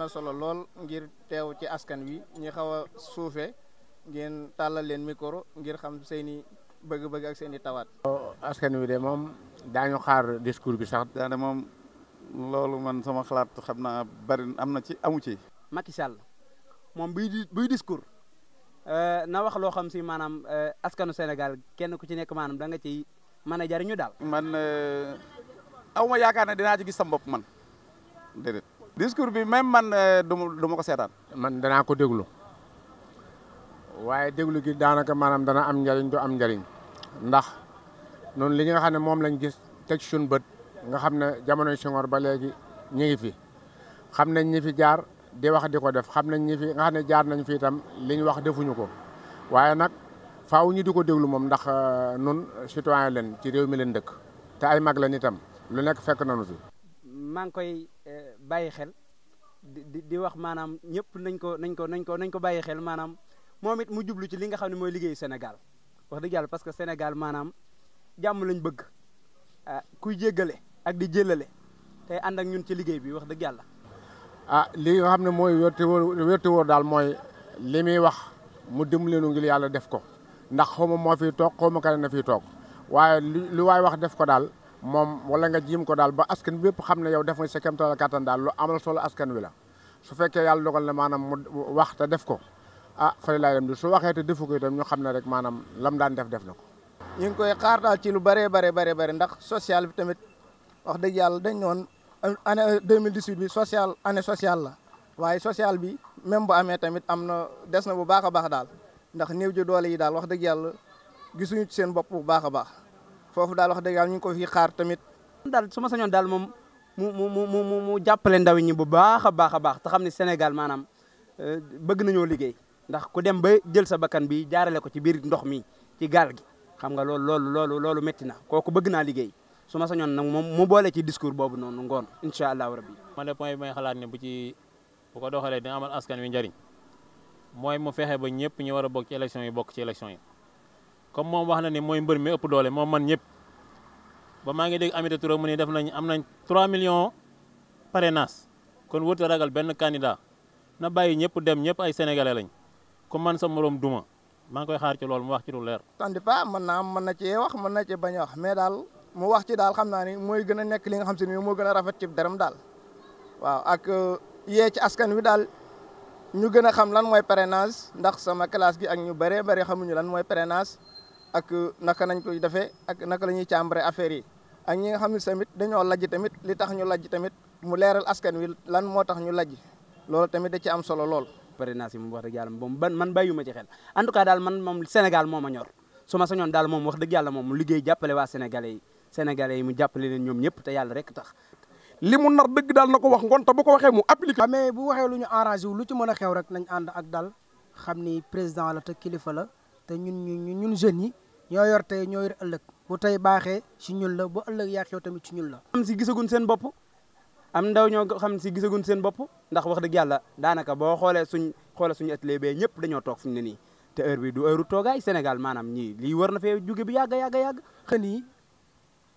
na solo lool ngir teew ci askan wi ñi xaw a suufe ngeen tàllal leen micro ngir xam seeni bëgg-bëgg ak seeni tawaat. askan wi de moom daañu xaar discours bi sax. moom loolu man sama xalaat xam naa bari am na ci amu ci. Macky Sall moom buy discours euh, na wax loo xam si maanaam euh, askanu Sénégal kenn ku ci nekk maanaam danga ci ciy mën jariñu daal. man euh, aw ma yaakaar ne dinaa ci gis sa mbopp man déedéet. discours bi même man euh, du ma ko seetaan. man danaa ko déglu waaye déglu gi daanaka maanaam dana am njariñ du am njariñ ndax noonu li nga xam ne moom lañ gis teg suñu bët nga xam ne jamono Senghor ba léegi ñu ngi fi xam nañ ñi fi jaar di wax di ko def xam nañ ñi fi nga xam ne jaar nañ fii itam li ñu wax defuñu ko waaye nag faaw ñu di ko déglu moom ndax euh, nun citoyen leen ci réew mi leen dëkk te ay mag leen itam lu nekk fekk nañu fi. maa koy. Euh, bàyyi xel di wax maanaam ñëpp nañ ko nañ ko nañ ko nañ ko bàyyi xel maanaam moom it mu jublu ci li nga xam ne mooy liggéeyu Sénégal wax dëgg yàlla parce que Sénégal maanaam jàmm lañ bëgg ah kuy jéggale ak di jëlale tey ànd ak ñun ci liggéey bi wax dëgg yàlla. ah li nga xam ne mooy wérte wérte daal mooy li muy wax mu dimbali nu ngir yàlla def ko ndax xaw ma moo fi toog xaw ma kan na fiy toog waaye lu waay wax def ko daal. moom wala nga jiim ko daal ba askan bi yëpp xam ne yow def nga sa kéemtalaay kattan daal lu amal solo askan wi la su fekkee yàlla dogal ne maanaam mu waxta def ko ah fële laa yem di su waxee te defu ko itam xam ne rek maanaam lam daan def def na ko. ñu ngi koy xaar daal ci lu bëree bare bare bëri ndax social bi tamit wax dëgg yàlla dañ ñoon année 2018 bi social année sociale la waaye social bi même bu amee tamit am na des na bu baax a baax daal ndax néew ji doole yi daal wax dëgg yàlla gisuñu ci seen bopp bu baax a baax. foofu daal wax dëgg yàlla ñu ko fi xaar tamit. daal su sañoon daal moom mu mu mu mu mu jàppale ndaw ñi bu baax a baax a baax te xam ne Sénégal maanaam euh, bëgg nañoo liggéey ndax ku dem ba jël sa bakkan bi jaarale ko ci biir ndox mi ci gaal gi xam nga loolu loolu loolu loolu métti na kooku bëgg naa liggéey su ma sañoon nag moom mu boole ci discours boobu noonu ngoon incha allahu bi may xalaat ne bu ci bu ko doxalee dina amal askan wi njariñ mooy mu fexe ba ñëpp ñu war a bokk ci élection yi bokk ci élection yi. comme moom wax na ni mooy mbër mi ëpp doole moom man ñëpp ba maa ngi dégg Amity Touré mu ni def nañ am nañ 3 millions parrainage kon wërta ragal benn candidat na bàyyi ñëpp dem ñëpp ay sénégalais lañ ku man sa morom duma maa ngi koy xaar ci loolu mu wax ci lu leer. tandi pas mën naa mën na cee wax mën na cee bañ wax mais daal mu wax ci daal xam naa ni mooy gën a nekk li nga xam si ne moo gën a rafet ci deram daal waaw ak euh, yee askan wi daal. ñu gën a xam lan mooy parrainage ndax sama classe gi ak ñu bëree bëri xamuñu lan mooy parrainage ak naka nañ koy defee ak naka la ñuy càmbare affaire yi ak ñi nga xam ne tamit dañoo lajj tamit li tax ñu laj tamit mu leeral askan wi lan moo tax ñu lajj loolu tamit da ci am solo lool. parrainage yi moom wax dëgg yàlla moom ban man bàyyiwuma ci xel en tout cas daal man moom Sénégal moo ma ñor su ma sañoon daal moom wax dëgg yàlla moom mu liggéey jàppale waa Sénégalais yi Sénégalais yi mu jàppale leen ñoom ñëpp te yàlla rek tax. li mu nar dëgg daal na ko wax ngoon te ko waxee mu appliqué. mais bu waxee lu ñu arrangé wu lu ci mën a xew rek nañ ànd ak daal xam ni président la kilifa la te ñun ñu ñun jeunes yi ñoo yor tey ñoo yor ëllëg bu tey baaxee si ñun la bu ëllëg yàq yow tamit ci ñun la. am si gisaguñ seen bopp am ndaw ñoo xam si gisaguñ seen bopp ndax wax dëgg yàlla daanaka boo xoolee suñ xoolee suñu atelier bee ñëpp dañoo toog fi mu ne nii te heure bi du heure toogaay Sénégal maanaam ñii lii war na fee jóge bi yàgg yàgg yàgg. xën yi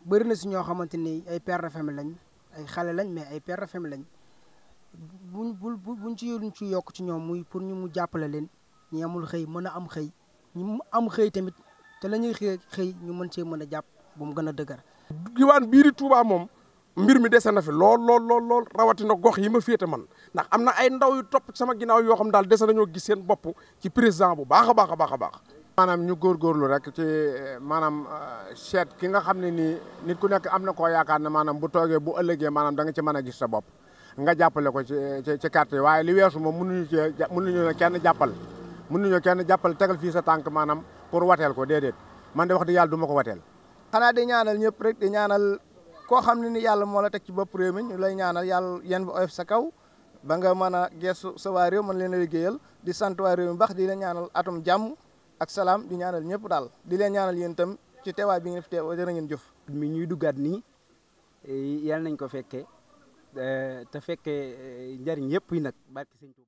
bëri na si ñoo xamante ni ay père de famille lañ ay xale lañ mais ay père de famille lañ buñ buñ buñ ci yóruñ ci yokk ci ñoom muy pour ñu mu jàppale leen ñi amul xëy mën a am xëy ñu am xëy tamit te la ñuy xëy xëy ñu mën cee mën a jàpp ba mu gën a dëgër. diwaan biir Touba moom mbir mi dese na fi lool lool lool lool rawatina gox yi ma féete man ndax am na ay ndaw yu topp sama ginnaaw yoo xam daal dese nañoo gis seen bopp ci président bu baax a bax a baax a baax. maanaam ñu góorgóorlu rek ci maanaam euh, seet ki nga xam ne nii nit ku nekk am na koo yaakaar na maanaam bu toogee bu ëllëgee maanaam da nga ci mën a gis sa bopp nga jàppale ko ci ci carte yi waaye li weesu moom mënuñu ci mënuñu kenn jàppal. mënuñoo kenn jàppal tegal fii sa tànk maanaam wateel ko déedéet man de wax dëgg yàlla du ma ko wateel xanaa di ñaanal ñëpp rek di ñaanal koo xam ne ni yàlla moo la teg ci bopp réew mi ñu lay yàlla yan sa kaw ba nga mën a geesu sa waa mën leen a liggéeyal di sant waa réew mi baax di leen ñaanal atum jàmm ak salaam di ñaanal ñëpp daal di leen ñaanal yéen tam ci teewaay bi ngeen fi teew jërë ngeen jëf mi ñuy duggaat nii eh, yàlla nañ ko fekke eh, te fekkee eh, njariñ yëpp yi nag ba sëñ Tuuba